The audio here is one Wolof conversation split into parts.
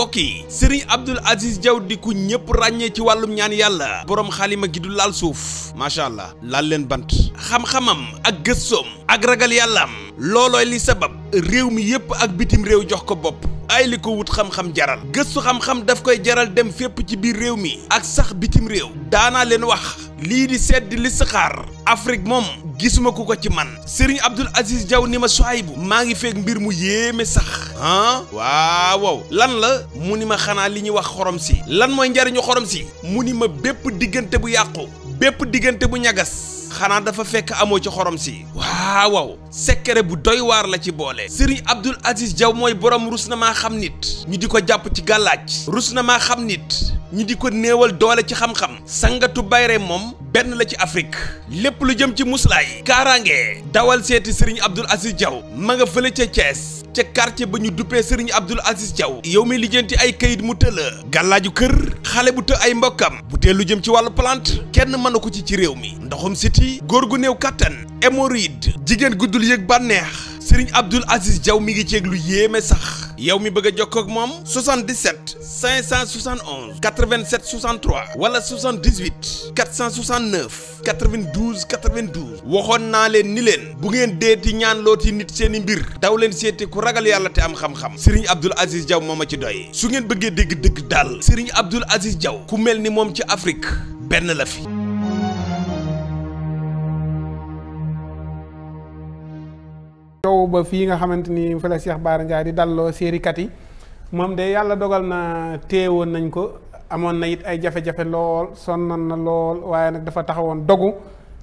mbokk yi Serigne Abdoul Aziz Diaw di ku ñëpp ràññee ci wàllum ñaan yàlla boroom xaalima gi du laal suuf macha allah laal leen bant xam-xamam ak gëstoom ak ragal yàllaam loolooy li sabab réew mi yëpp ak bitim réew jox ko bopp ay li ko wut xam-xam jaral gëstu xam-xam daf koy jaral dem fépp ci biir réew mi ak sax bitim réew daanaa leen wax lii di sedd li saxaar Afrique moom gisuma ku ko ci man Serigne Abdoul Aziz Diaw ni ma bu maa ngi feeg mbir mu yéeme sax ah waaw lan la mu ni ma xanaa li ñuy wax xorom si lan mooy njariñu xorom si mu ni ma bépp diggante bu yàqu bépp diggante bu ñagas xanaa dafa fekk amoo ci xorom si waaw waaw secret bu doy waar la ci boole Serigne Abdoul Aziz Diaw mooy borom rus na maa xam nit ñu di ko jàpp ci gàllaaj rus na maa xam nit ñu di ko néewal doole ci xam-xam sangatu bayre moom benn la ci Afrique lépp lu jëm ci muslaay kaaraange dawal seeti Serigne Abdoul Aziz Diaw ma nga fële ca ca quartier ba ñu duppee sëriñ Abdoul Aziz Diaw yow mi lijjanti ay kayit mu tëla gàllaaju kër xale bu të ay mbokkam bu lu jëm ci wàllu plante kenn mënu ko ci ci réew mi ndoxum siti góor gu néew kattan hémorroïde jigéen guddul yëg bànneex Serigne Abdoul Aziz jaw mi ngi ceeg lu yéeme sax yow mi bëgg a jokkoo ak moom 77 571 87 63 wala 78 469 92 92 waxoon naa leen ni leen bu ngeen deeti ñaan yi nit seen i mbir daw leen seeti ku ragal yàlla te am xam-xam Serigne Abdoul Aziz jaw moom a ci doy su ngeen bëggee dégg dëgg daal Serigne Abdoul Aziz Diaw ku mel ni moom ci Afrique benn la fi. yow ba fii nga xamante ni fa la Cheikh Bara Ndiaye di dalloo séerikat yi moom de yàlla dogal na téewoon nañ ko amoon na it ay jafe-jafe lool sonnoon na lool waaye nag dafa taxawoon dogu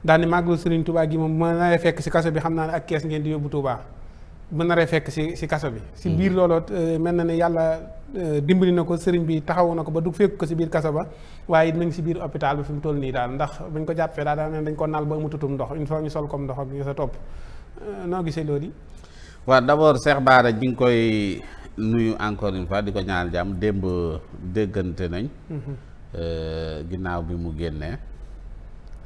daal ni màggalu Serigne Touba gi moom mën naree fekk si kaso bi xam naa ne ak kees ngeen di yóbbu Touba mën naree fekk si si kaso bi. si biir mm-hmm. looloo euh, mel na ne yàlla euh, dimbali na ko Serigne bi taxawu na ko ba du fekk ko si biir kaso ba waaye it nañ si biir hôpital bi fi mu toll nii daal ndax buñ ko jàppee daal daal dañ ko naal ba mu ndox une fois ñu sol comme ndox ak ñu sa topp. Euh, noo gisee loolu yi. waaw d'abord Cheikh Bara ñu koy nuyu encore une fois di ko ñaanal jàmm démb déggante nañ. Mhm. Euh, ginnaaw bi mu génnee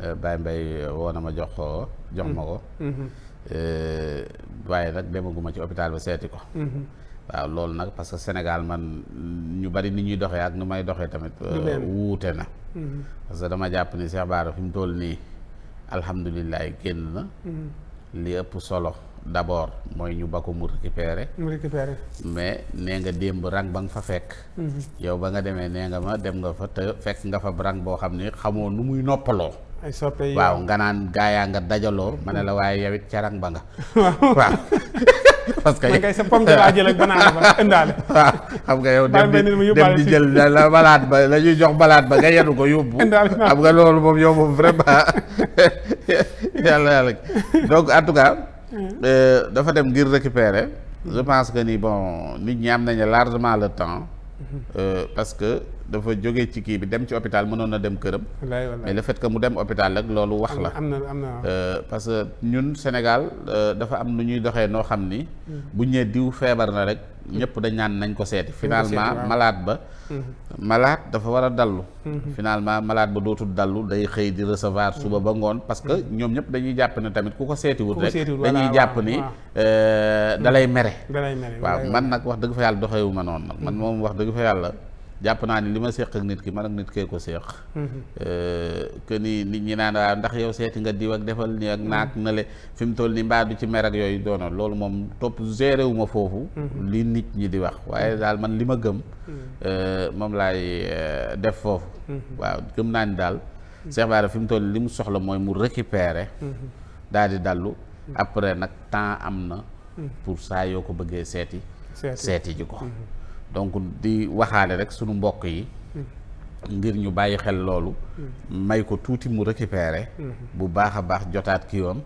euh, Baye Mbaye woo na ma jox ko ma ko. Mhm. Mhm. waaye nag demaguma ci hôpital ba seeti ko. waaw loolu nag parce que Sénégal man ñu bari ni ñuy doxee ak nu may doxee tamit. wuute na. parce que dama jàpp ni Cheikh Bara fi mu toll nii alhamdulilah génn na. li ëpp solo d'abord mooy ñu ba ko mu récupérer mais nee nga démb rang ba nga fa fekk mhm. yow ba nga demee nee nga ma dem nga fa te fekk nga fa rang boo xam ne xamoo nu muy noppaloo ay soppe yi waaw nga naan gaayaa nga dajaloo ma ne la waaye yow it carang ba nga. waaw parce que. man ba ëndaale. waaw xam nga yow dem di dem di jël la balaat ba la jox balaat ba nga yenu ko yóbbu. xam nga loolu moom yow moom vraiment yàlla yàlla donc en tout cas. Mm. Euh, dafa dem ngir récupérer. je pense que ni bon nit ñi am nañu largement le temps. Mm-hmm. Euh, parce dafa jóge ci kii bi dem ci hôpital mënoon na dem këram. mais le fait que mu dem hôpital rek loolu wax la. am na am na euh, parce que ñun Sénégal euh, dafa am nu ñuy doxee noo xam ni. Mm. bu ñëwee diw feebar na rek. Mm. ñëpp dañ ñaan nañ ko seeti. finalement malaat ba. Mm-hmm. malaat dafa war a dallu. Mm-hmm. finalement malaat ba dootul dallu day xëy di recevoir suba mm. ba ngoon parce que mm-hmm. ñoom ñëpp dañuy jàpp ne tamit ku ko seetiwut rek. dañuy jàpp ni euh, dalay mere. dalay mere waaw man nag wax dëgg fa yàlla doxewu ma noonu nag man moom wax dëgg fa yàlla. jàpp naa ni li ma seq ak nit ki man ak nit kee ko seq. Mm-hmm. que ni nit ñi naan waaw ndax yow seeti nga diw ak defal nii ak naak mm-hmm. na fi mu toll nii mbaa du ci mer ak yooyu doona loolu moom topp géré wu ma foofu. Mm-hmm. li nit ñi di wax waaye daal man li ma gëm. Euh, moom laay euh, def foofu. waaw gëm naa ni daal. Cheikh Bara fi mu toll li mu soxla mooy mu récupérer. daal di dallu après nag temps am na. pour saa yoo ko bëggee seeti. seeti ji ko. donc di waxaale rek sunu mbokk yi mm-hmm. ngir ñu bàyyi xel loolu mm-hmm. may ko tuuti mu récupérer mm-hmm. bu baax a baax jotaat ki yoon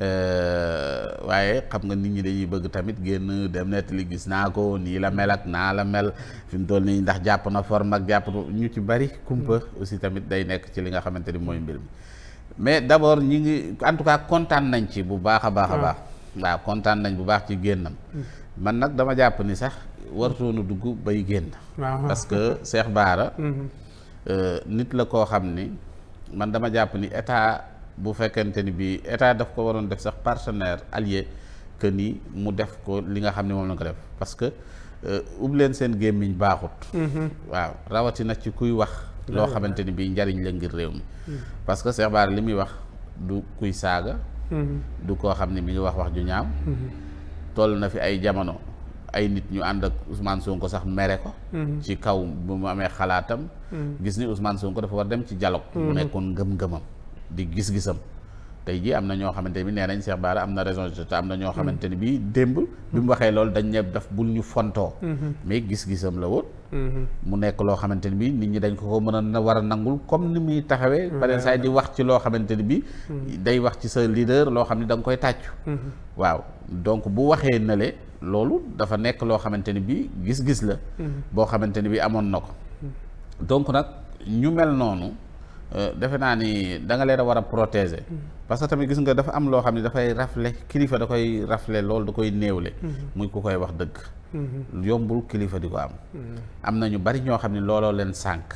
euh, waaye xam nga nit ñi dañuy bëgg tamit génn dem nettali gis naa ko nii la mel ak naa la mel fi mu toll nii ndax jàpp na forme ak jàpp ñu ci bari kumpa aussi tamit day nekk ci li nga xamante ni mooy mbir mi mais d'abord ñi ngi en tout kontaan nañ ci bu baax a baax a ah. baax waaw kontaan nañ bu baax ci génnam man nag dama jàpp ni sax wartoon a dugg bay génn. parce que Cheikh Baara. Mhm. Euh, nit la koo xam ni man dama jàpp ni état bu fekkente ni bii état daf ko waroon def sax partenaire allié que ni mu def ko li nga xam ne moom la ko def parce que euh, ub leen seen gémmiñ baaxut. Mhm. waaw rawatina ci kuy wax. loo xamante ni bii njariñ la ngir réew mi. Mhm. parce que Cheikh Baara li muy wax du kuy saaga. du koo xam ne mi ngi wax wax ju ñaaw. toll na fi ay jamono ay nit ñu ànd ak Ousmane Sonko sax mere ko. Mm-hmm. ci kaw bu mu amee xalaatam. Mm-hmm. gis ni usmaan Sonko dafa war dem ci dialogue. mu mm-hmm. nekkoon ngëm-ngëmam di gis-gisam. tey jii am na ñoo xamante bi nee nañ Cheikh Bara am na raison te am na ñoo mm. xamante bi démb bi mu waxee loolu dañ daf bul ñu fontoo mm-hmm. mais gis-gisam la woon mm-hmm. mu nekk loo xamante ni bi nit ñi dañ ko ko mën a war a nangul comme ni muy taxawee mm-hmm. pare saa di wax ci loo xamante bi day wax ci sa leader loo xam ne da nga koy tàccu waaw donc bu waxee nale loolu dafa nekk loo xamante ni bi gis-gis la boo xamante ni bi amoon na ko donc nag ñu mel noonu Euh, defe naa ni danga leen a war a protéger. Mm-hmm. parce que tamit gis nga dafa am loo xam ne dafay rafle kilifa da koy rafle loolu da koy néewle. Mm-hmm. muñ ko koy wax dëgg. Mm-hmm. yombul kilifa di ko am. am na ñu bari ñoo xam ne looloo leen sànq.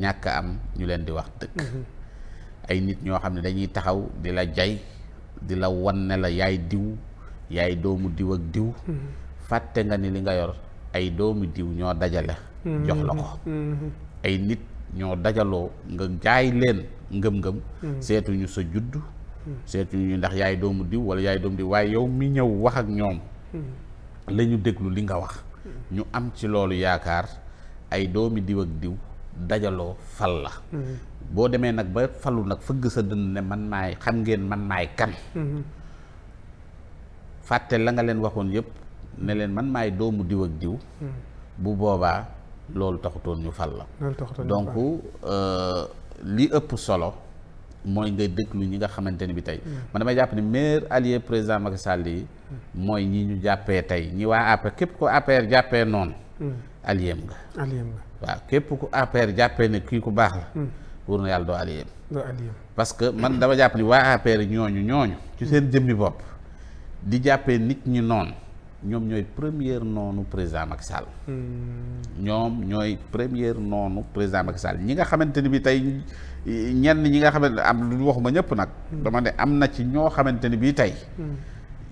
ñàkk am ñu leen di wax dëgg. ay nit ñoo xam ne dañuy taxaw di la jay di la wan ne la yaay diw yaay doomu diw ak diw. fàtte nga ni li nga yor ay doomu diw ñoo dajale. jox la ko ay nit. ñoo dajaloo nga jaay leen ngëm-ngëm hmm. seetuñu sa judd hmm. seetuñu ndax yaay doomu diw wala yaay doomu diw waaye yow mi ñëw wax ak ñoom hmm. la ñu déglu li nga wax ñu am ci loolu yaakaar ay doomi diw ak diw dajaloo fal la boo demee nag ba falu nag fëgg sa dënd ne man maay xam ngeen man naay kan fàtte la nga leen waxoon yëpp ne leen man maay doomu diw ak diw bu boobaa loolu taxutoon ñu fal la donc euh, li ëpp solo mooy ngay déglu ñi nga xamante ni bi tey hmm. man damay jàpp ni meilleur allié président Macky Sall yi hmm. mooy ñi ñu jàppee tey ñi waa APR e, képp ko APR e jàppee noonu hmm. alliéem nga alliéem képp ku APR e jàppee ne kii ku baax la wóor yàlla doo alliéem parce que man dama jàpp ni waa APR ñooñu ñooñu ci seen jëmmi bopp di jàppee nit ñi noonu ñoom ñooy première noonu président Macky Sall. ñoom ñooy première noonu président Macky Sall ñi nga xamante ni bi tey ñenn ñi nga xamante am lu waxuma ñëpp nag. dama ne am na ci ñoo xamante ni bi tey.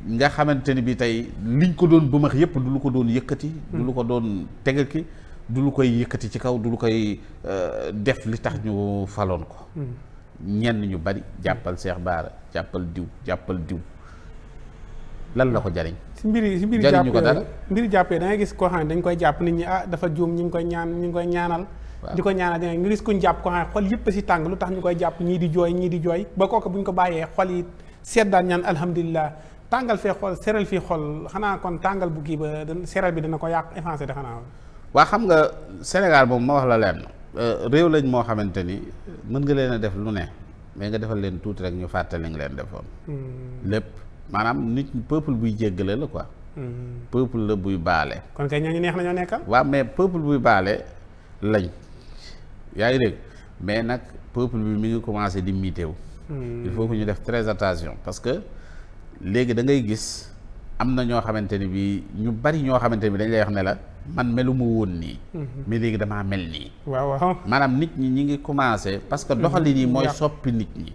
nga xamante ni bi tey liñ ko doon bëmax yëpp du lu ko doon yëkkati. du lu ko doon tegal ki du lu koy yëkkati ci kaw du lu koy euh, def li tax ñu faloon ko. ñenn ñu bari jàppal Cheikh Bara jàppal diw jàppal diw lan la ko jariñ si mbiri si mbiri jàpp yooyu mbiri jàpp yooyu da ngay gis koo xam ne dañ koy jàpp nit ñi ah dafa juum ñu ngi koy ñaan ñu ngi koy ñaanal di ko ñaanal dina nga gis kuñ jàpp koo xam ne xol yëpp si tàng lu tax ñu koy jàpp ñii di jooy ñii di jooy ba kooku bu ñu ko bàyyee xol yi seet daan ñaan alhamdulilah tàngal fee xol seral fii xol xanaa kon tàngal bu kii ba seral bi dina ko yàq effacé de xanaa waa xam nga Sénégal moom ma wax la leen euh, réew lañ moo xamante ni mën nga leen a def lu ne mais nga defal leen tuuti rek ñu fàttali nga leen defoon hmm. lépp maanaam nit peuple buy jéggale la quoi. Hmm. peuple la buy baale. kon kay ñooñu neex nañoo nekkal. waaw mais peuple buy baale lañ yaa ngi mais nag peuple bi mi ngi commencé di miite wu. Hmm. il faut que ñu def très attention parce que léegi da ngay gis am na ñoo xamante ni bi ñu bari ñoo xamante ni bi dañ lay wax ne la man melu ma woon nii. Hmm. mais léegi damaa mel nii. waaw waaw maanaam nit ñi ñu ngi commencé. parce que doxalin yi mooy soppi nit ñi.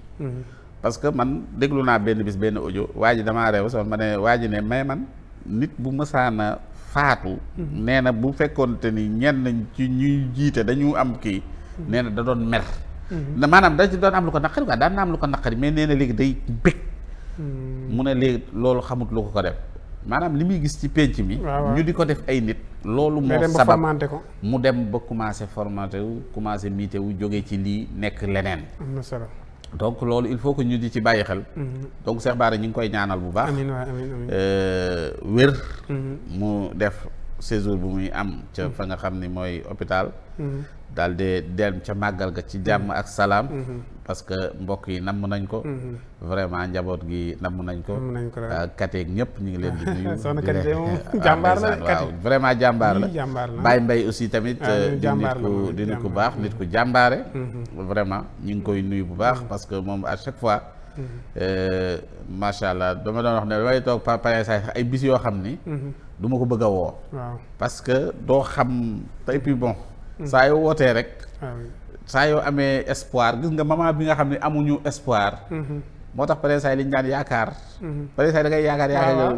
parce que man déglu naa benn bis benn audio waa ji damaa reew sax ma ne waa ji ne mais man nit bu mësaana faatu mhm. nee na bu te ni ñenn ci ñuy jiite dañu am kii mhm. nee na da doon mer mhm. maanaam da ci doon am lu ko naqari quoi daan na am lu ko naqari mais nee na léegi day bëgg hmm. mu ne léegi loolu xamut lu ko ko def maanaam li muy gis ci pénc mi ñu di ko def ay nit loolu moo sabab mu dem ba commencé formaté wu commencé miite jóge ci lii nekk leneen donc loolu il faut que ñu di ci bàyyi xel. Mhm. donc Cheikh Bara ñu ngi koy ñaanal bu baax. amiin waay amiin euh, wér. Mhm. mu def. séjour bu muy am ca mm-hmm. fa nga xam ni mooy hôpital mm-hmm. daal di dem ca màggal ga ci jàmm mm-hmm. ak salaam parce que mbokk yi namm nañ ko vraiment njaboot gi namm nañ ko kateeg ñëpp ñu ngi leen di nuyu soxna Kati moom jàmbaar la waaw vraiment jàmbaar la Baye Mbaye aussi tamit ah, euh, di nit ku di nit ku baax nit ku jàmbaare vraiment ñu ngi koy nuyu bu baax parce que moom à chaque fois Euh, macha allah dama doon wax ne damay toog pare saay sax ay bis yoo xam ni. Mhm. du ma ko bëgg a woo. parce que doo xam te et puis bon. Mhm. saa yoo wootee rek. Ah saa yoo amee espoir gis nga maman bi nga xam ne amuñu espoir. Mhm. moo tax pare saa yi liñ daan yaakaar. pare saa yi da ngay yaakaar yaakaar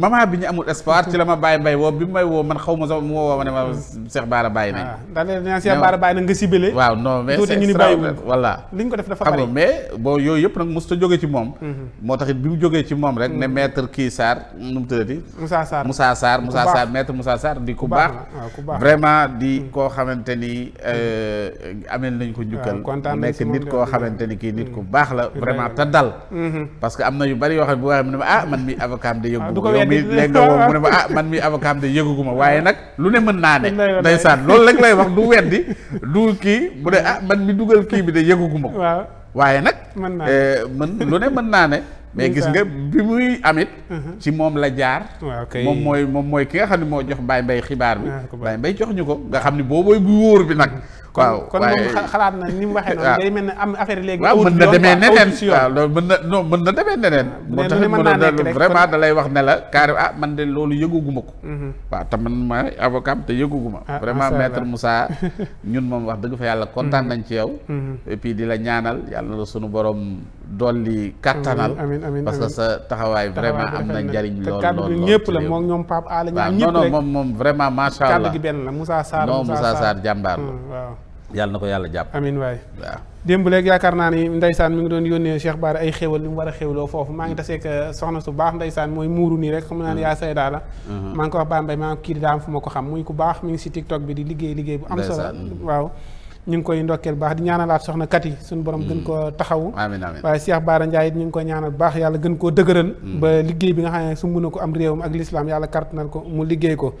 maman bi ñu amul espoir ci la ma bàyyi mbay woo bi may woo man xaw ma sax mu woo ma ne ma mhm. Cheikh Baara bàyyi nañ. waaw ah, ndax Cheikh Baara bàyyi na nga sibile. waaw non mais c'est extraordinaire voilà. li ñu ko def dafa xare xam mais bon yooyu yëpp nag mosut a jógee ci moom. Mhm. moo tax it bi mu jógee ci moom rek. ne mhm. maître kii Sarr nu mu tëddati. Moussa Sarr Moussa Sarr Moussa Sarr maître Moussa Sarr di ku baax. vraiment di koo xamante ni euh, amel nañ ko njukkal. nekk nit koo xamante ni kii nit ku baax la vraiment tadda dal. Mhm. parce que am na yu bari yoo xam ne bu waxee mu ne ma ah man mi avocat am de ah, yëgu. du ko yow mi léegi nga woo mu ma ah ma ah. waaye nag lu ne mën naa ne. ndeysaan loolu rek lay wax du weddi du kii bu ne ah man mi dugal kii bi de yëgu ma ko. waaw waaye nag. mën naa ne eh, mën lu ne mën naa ne. mais gis nga bi muy amit mhm. ci moom la jaar moom mooy moom mooy ki nga xam ne moo jox Baye Mbaye xibaar bi ah, Baye Mbaye jox ñu ko nga xam ne boobooy bu wóor bi nag mhm. waaw kon xalaat na ni mu waxee noonu day mel ne am affaire léegi waaw mën na demee neneen waaw loolu mën na non mën na demee neneen ah, moo tax lay wax ne la carrément ah man de loolu yëguguma ko mhm. waaw te man ma avocat te yëguguma ah, ah, vraiment maître Moussa ñun moom wax dëgg fa yàlla kontaan mhm. nañ ci yow mhm. et di la ñaanal yàlla na la sunu borom dolli kattanal parce que sa taxawaay vraiment am na njariñ lool lool kàddu gi ñëpp la moom ñoom Pape Alé ñëpp rek non non moom moom vraiment macha allah kàddu gi benn la Moussa Sarr non Moussa Sarr jàmbaar la mm, yàlla na ko yàlla jàpp amin waay waaw démb léegi yaakaar naa ni ndeysaan mu ngi doon yónnee Cheikh Bara ay xéwal li mu war a xéwloo foofu maa ngi taseeg eh, soxna su baax ndeysaan mooy muuru nii rek xam naa ne mm. yaa saydaa la mm-hmm. maa ngi ko wax Ba Mbaye maa ngi kii di daam fu ma ko xam ngi si TikTok bi di liggéey liggéey bu am solo mm-hmm. waaw ñu ngi koy ndokkeel kat yi suñu borom gën mm. koo taxawu amiin amiin waaye Cheikh Bara Ndiaye it ñu ngi koy ñaanal baax yàlla gën koo dëgëral mm. ba liggéey bi nga xam ne su mën a ko am réewam ak l'islam yàlla kartanal ko mu liggéey ko